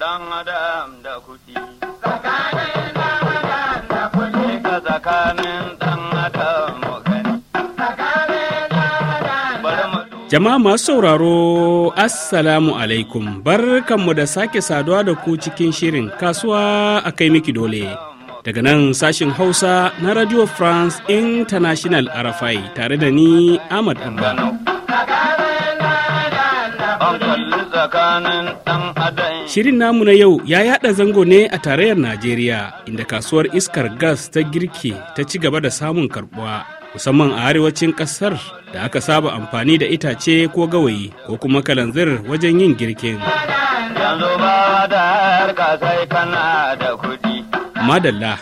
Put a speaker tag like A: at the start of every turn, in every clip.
A: dan adam da kuɗi. Tsakanin dan da Ka tsakanin dan adam Jama'a masu sauraro, Assalamu alaikum, barkanmu da sake saduwa da ku cikin shirin kasuwa a kai miki dole. Daga nan sashin Hausa na Radio France International RFI tare da ni Ahmad Abba. Shirin namu na yau ya yada zango ne a tarayyar Najeriya inda kasuwar iskar gas ta girki ta ci gaba da samun karbuwa musamman a arewacin kasar da aka saba amfani da itace ko gawayi ko kuma kalanzir wajen yin girkin. Madalla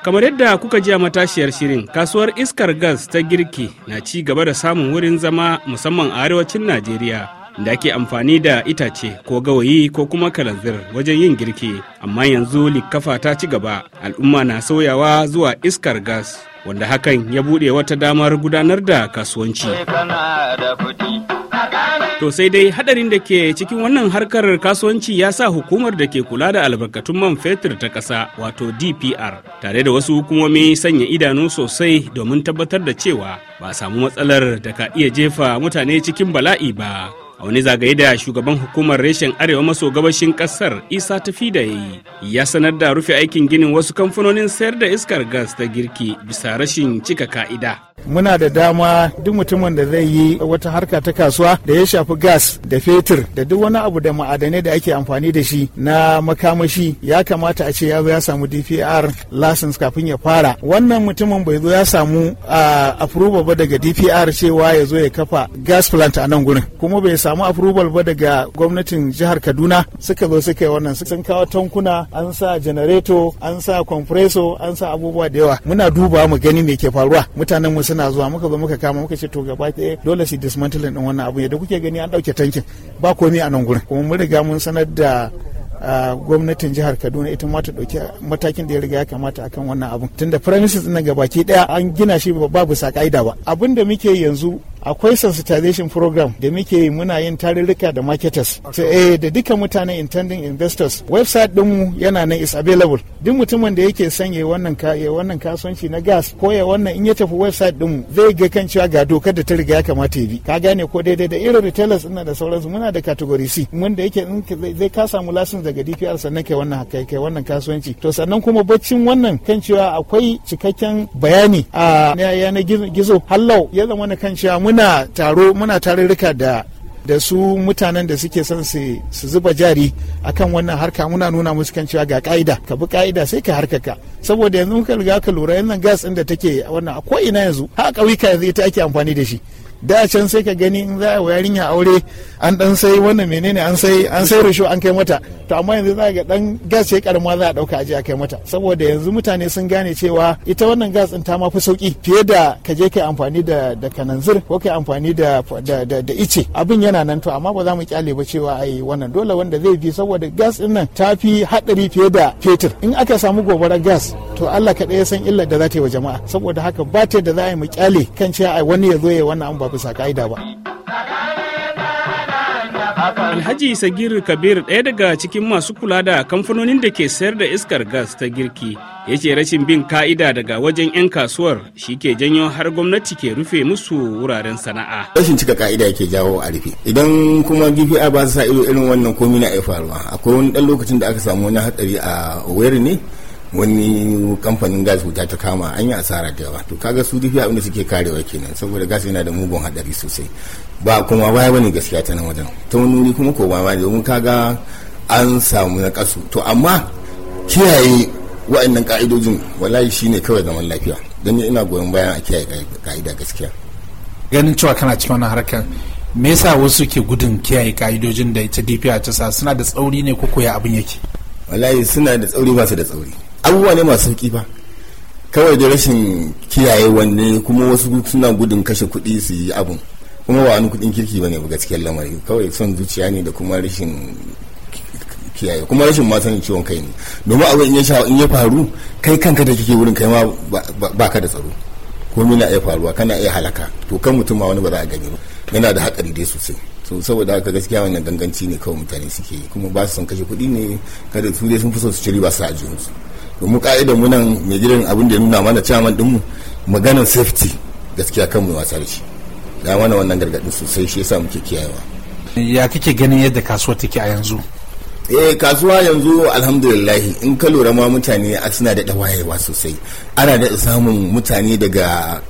A: kamar yadda kuka ji a matashiyar shirin kasuwar iskar gas ta girki na ci gaba da samun wurin zama musamman a arewacin najeriya da ake amfani da itace ko gawayi ko kuma kalanzir wajen yin girki amma yanzu likkafa ta ci gaba al'umma na sauyawa zuwa iskar gas wanda hakan ya buɗe wata damar gudanar da kasuwanci to sai dai hadarin da ke cikin wannan harkar kasuwanci ya sa hukumar da ke kula da albarkatun man fetur ta ƙasa wato dpr tare da wasu hukumomi sanya idanu sosai domin tabbatar da cewa ba samu matsalar da ka iya jefa mutane cikin bala'i ba a wani zagaye da shugaban hukumar reshen arewa maso gabashin kasar isa tafi da ya yi ya sanar da rufe aikin ginin wasu kamfanonin sayar da iskar gas ta girki bisa rashin cika ka'ida
B: muna da dama duk mutumin da zai yi wata harka ta kasuwa da ya shafi gas da fetur da duk wani abu da ma'adanai da ake amfani da shi na makamashi ya kamata a ce ya zo ya samu DPR license kafin ya fara wannan mutumin bai zo ya samu approval ba daga DPR cewa ya zo ya kafa gas plant a nan gurin kuma bai samu approval ba daga gwamnatin jihar Kaduna suka zo suka yi wannan sun kawo tankuna an sa generator an sa compressor an sa abubuwa da yawa muna duba mu gani me ke faruwa mutanen mu suna zuwa muka zo muka kama muka ce to gaba ɗaya dole su dismantling din wannan abu yadda kuke gani an ɗauke tankin ba komai a nan gurin kuma mun riga mun sanar da gwamnatin jihar kaduna ita ma ta ɗauki matakin da ya riga ya kamata akan wannan abun tunda premises ɗin gabaki ɗaya an gina shi babu sa ka'ida ba abin da muke yanzu akwai sensitization program da muke yi muna yin tarurruka da marketers eh da duka mutane intending investors website dinmu yana nan is available duk mutumin da yake son ya wannan wannan kasuwanci na gas ko ya wannan in ya tafi website dinmu zai ga kan cewa ga dokar da ta riga ya kamata ya bi ka gane ko daidai da irin retailers ina da sauransu muna da category C wanda yake zai ka samu lasin daga DPR sannan kai wannan kai kai wannan kasuwanci to sannan kuma baccin wannan kan cewa akwai cikakken bayani a yana gizo hallau ya zama na kan cewa muna taro muna tarurruka da da su mutanen da suke son su zuba jari akan wannan harka muna nuna musu kan cewa ga ka'ida ka bi ka'ida sai ka harkaka saboda yanzu muka riga ka lura yanzu gas ɗin da take wannan a ko ina yanzu har ƙauyuka yanzu ita ake amfani da shi da can sai ka gani in za a wa yarinya aure an dan sai wannan menene an sai an sai rushu an kai mata to amma yanzu za ga dan gas ya karama za a dauka aje a kai mata saboda yanzu mutane sun gane cewa ita wannan gas din ta ma fi sauki fiye da ka je kai amfani da da kananzir ko kai amfani da da da ice abin yana nan to amma ba za mu kyale ba cewa ai wannan dole wanda zai bi saboda gas din nan ta fi hadari fiye da fetur in aka samu gobarar gas to Allah kaɗai ya san illar da za ta yi wa jama'a saboda haka ba ta da za a yi mu kyale kan cewa ai wani ya zo ya wannan ba bisa ka'ida ba.
A: Alhaji Sagir Kabir ɗaya daga cikin masu kula da kamfanonin da ke sayar da iskar gas ta girki ya ce rashin bin ka'ida daga wajen 'yan kasuwar shi ke janyo har gwamnati ke rufe musu wuraren sana'a.
C: Rashin cika ka'ida yake jawo a rufe. Idan kuma a ba sa ido irin wannan komi na faruwa akwai wani ɗan lokacin da aka samu wani hatsari a wayar ne wani kamfanin gas wuta ta kama an yi asara da yawa to kaga su dufi abinda suke karewa kenan saboda gas yana da mugun hadari sosai ba kuma baya bane gaskiya ta nan wajen ta wani wuri kuma ko ba ma domin kaga an samu na kasu to amma kiyaye wa'annan ka'idojin wallahi shine kawai zaman lafiya don ina goyon bayan a kiyaye ka'ida gaskiya ganin cewa kana cikin wannan harkar
D: me yasa wasu ke gudun kiyaye ka'idojin da ita DPR ta sa suna da tsauri ne ko koya abin yake
C: wallahi suna da tsauri ba su da tsauri abubuwa ne masu sauki ba kawai da rashin kiyaye wanne kuma wasu suna gudun kashe kuɗi su yi abun kuma ba wani kuɗin kirki ba ne ba cikin lamari kawai son zuciya ne da kuma rashin kiyaye kuma rashin ma sanin ciwon kai ne domin abin in ya faru kai kanka da kike wurin kai ma ba ka da tsaro komai na iya faruwa kana iya halaka to kan mutum ma wani ba za a gani ba yana da haƙari dai sosai so saboda haka gaskiya wannan ganganci ne kawai mutane suke kuma ba su son kashe kuɗi ne kada su dai sun fi so su ci riba su a jihunsu mu ka'ida mu nan mai gidan abin da ya nuna mana chairman din mu maganar safety gaskiya kan mu wasa da shi ga mana wannan gargadin sosai shi yasa muke kiyayewa
D: ya kike ganin yadda kasuwa take a yanzu
C: eh kasuwa yanzu alhamdulillahi in ka lura ma mutane suna da wayewa sosai ana da samun mutane daga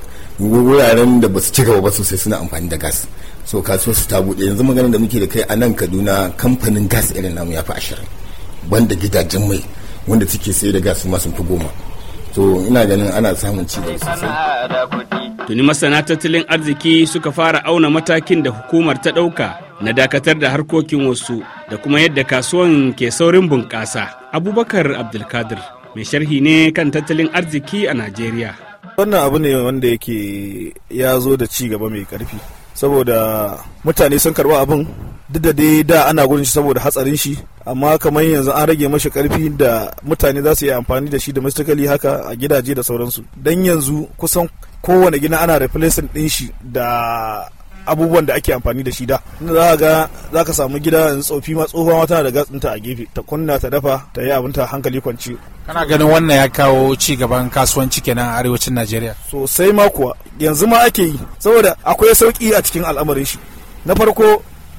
C: wuraren da ba su ci gaba ba sosai suna amfani da gas so kasuwar su ta bude yanzu maganar da muke da kai a nan kaduna kamfanin gas irin namu ya fi ashirin banda gidajen mai wanda suke sai da gas masu fi goma so ina ganin ana samun ci sosai
A: tuni masana tattalin arziki suka fara auna matakin da hukumar ta ɗauka na dakatar da harkokin wasu da kuma yadda kasuwan ke saurin bunƙasa abubakar abdulkadir mai sharhi ne kan tattalin arziki a najeriya
D: wannan abu ne wanda yake ya zo da ci gaba mai karfi saboda mutane sun karba abin duk da dai da ana gudun shi saboda hatsarin shi amma kamar yanzu an rage mashi karfi da mutane za su yi amfani da shi da domestically haka a gidaje da sauransu dan yanzu kusan kowane gina ana replacing din shi da abubuwan da ake amfani da shi da za ga za ka samu gida yanzu tsofi ma tsohuwa ma tana da gatsinta a gefe ta kunna ta dafa ta yi abinta hankali kwanci kana ganin wannan ya kawo ci gaban kasuwanci kenan a arewacin najeriya sosai ma kuwa yanzu ma ake yi saboda akwai sauki a cikin al'amarin shi na farko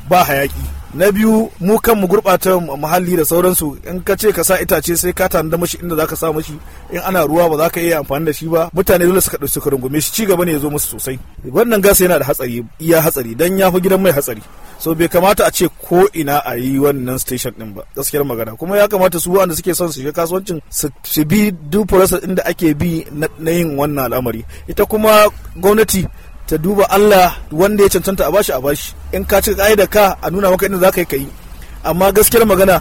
D: ba hayaki na biyu mu kanmu gurɓata muhalli da sauransu in ka ce ka sa itace sai ka tanada mashi inda zaka sa mashi in ana ruwa ba za ka iya amfani da shi ba mutane dole suka ɗauki suka rungume shi cigaba ne ya zo musu sosai wannan gas yana da hatsari iya hatsari dan ya fi gidan mai hatsari so bai kamata a ce ko ina a yi wannan station din ba gaskiyar magana kuma ya kamata su wanda suke son su shiga kasuwancin su bi duk process inda ake bi na yin wannan al'amari ita kuma gwamnati ta duba Allah wanda ya cancanta a bashi a bashi in ka cika ka'ida ka a nuna maka inda za ka yi ka yi amma gaskiyar magana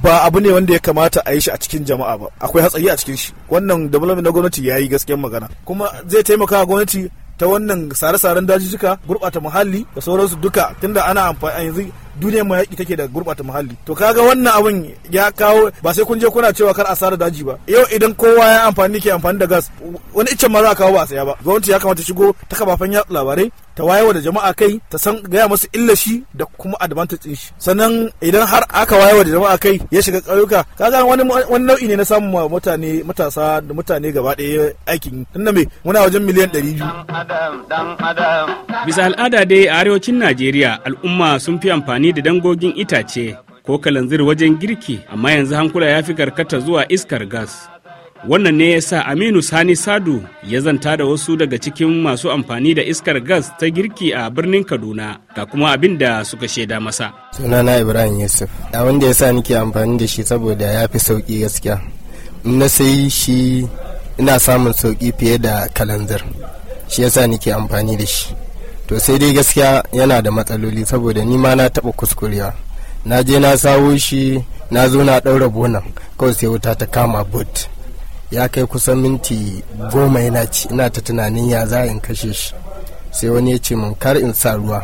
D: ba abu ne wanda ya kamata a yi shi a cikin jama'a ba akwai hatsari a cikin shi wannan dabalami na gwamnati ya yi gaskiyar magana kuma zai taimaka gwamnati ta wannan sare-saren dajijjika gurɓata muhalli da sauransu duka tunda ana amfani yanzu duniyar ma yaƙi take da gurɓata muhalli to kaga wannan abin ya kawo ba sai kun je kuna cewa kar a sare daji ba yau idan kowa ya amfani ke amfani da gas wani iccen ma za a kawo ba a saya ba gwamnati ya kamata shigo ta kafafen yaɗa labarai ta wayewa da jama'a kai ta san gaya masu illa shi da kuma advantage shi sannan idan har aka wayewa da jama'a kai ya shiga ƙauyuka kaga wani wani nau'i ne na samun mutane matasa da mutane gaba ɗaya aikin tunda me muna wajen miliyan ɗari
A: bisa al'ada dai a arewacin najeriya al'umma sun fi amfani da dangogin itace ko kalanzir wajen girki amma yanzu hankula ya fi karkata zuwa iskar gas wannan ne ya sa aminu sani sadu ya zanta da wasu daga cikin masu amfani da iskar gas ta girki a birnin kaduna ga kuma abin da suka shaida masa
C: sunana ibrahim yusuf abin da ya sa nike amfani da shi saboda ya fi sauki gaskiya na sai shi ina samun sauki fiye da kalanzir shi ya sa nike amfani da shi to sai dai gaskiya yana da matsaloli saboda ni ma na taɓa kuskurewa na je na sawo shi na zo na ɗaura bonan kawai sai wuta ta kama boot ya kai kusan minti goma yana ci ina ta tunanin ya za in kashe shi sai wani ya ce min kar in sa ruwa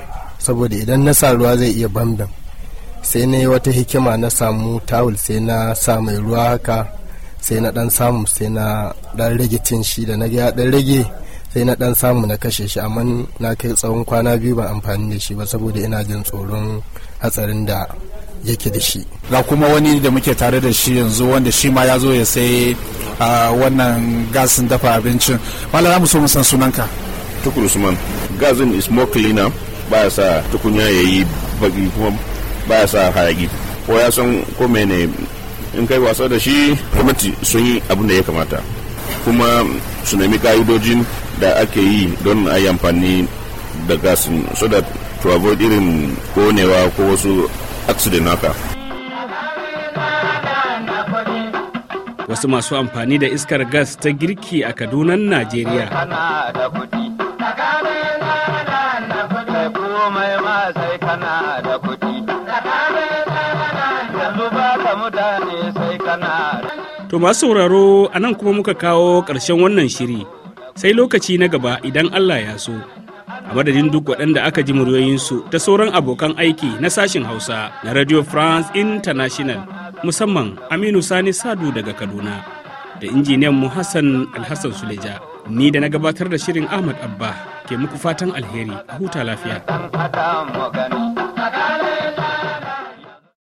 C: saboda idan na sa ruwa zai iya bambam sai na yi wata hikima na samu tawul sai na sa mai ruwa haka sai na dan samu sai na dan rage cin shi da na ga dan rage sai na dan samu na kashe shi amma na kai tsawon kwana biyu ba amfani da shi ba saboda ina jin tsoron hatsarin da yake da shi ga kuma wani da muke
D: tare da shi yanzu wanda shi ma ya zo ya sai a wannan gasin dafa abincin
C: malam mu so mu san sunanka tukur usman gasin is more cleaner baya sa tukunya yayi baki kuma baya sa hayaki ko ya san ko mene in kai wasa da shi gwamnati sun yi abin da ya kamata kuma su nemi ka'idojin da ake yi don a yi amfani da gasin so that to avoid irin konewa ko wasu accident haka
A: wasu masu amfani da iskar gas ta girki a kadunan najeriya To masu sauraro a nan kuma muka kawo ƙarshen wannan shiri sai lokaci na gaba idan Allah ya so. A madadin duk waɗanda aka ji muryoyinsu ta sauran abokan aiki na sashin Hausa na Radio France International. musamman Aminu Sani Sadu daga Kaduna da injiniyan mu Hassan Alhassan Suleja. Ni da na gabatar da shirin Ahmad Abba ke muku fatan alheri a huta lafiya.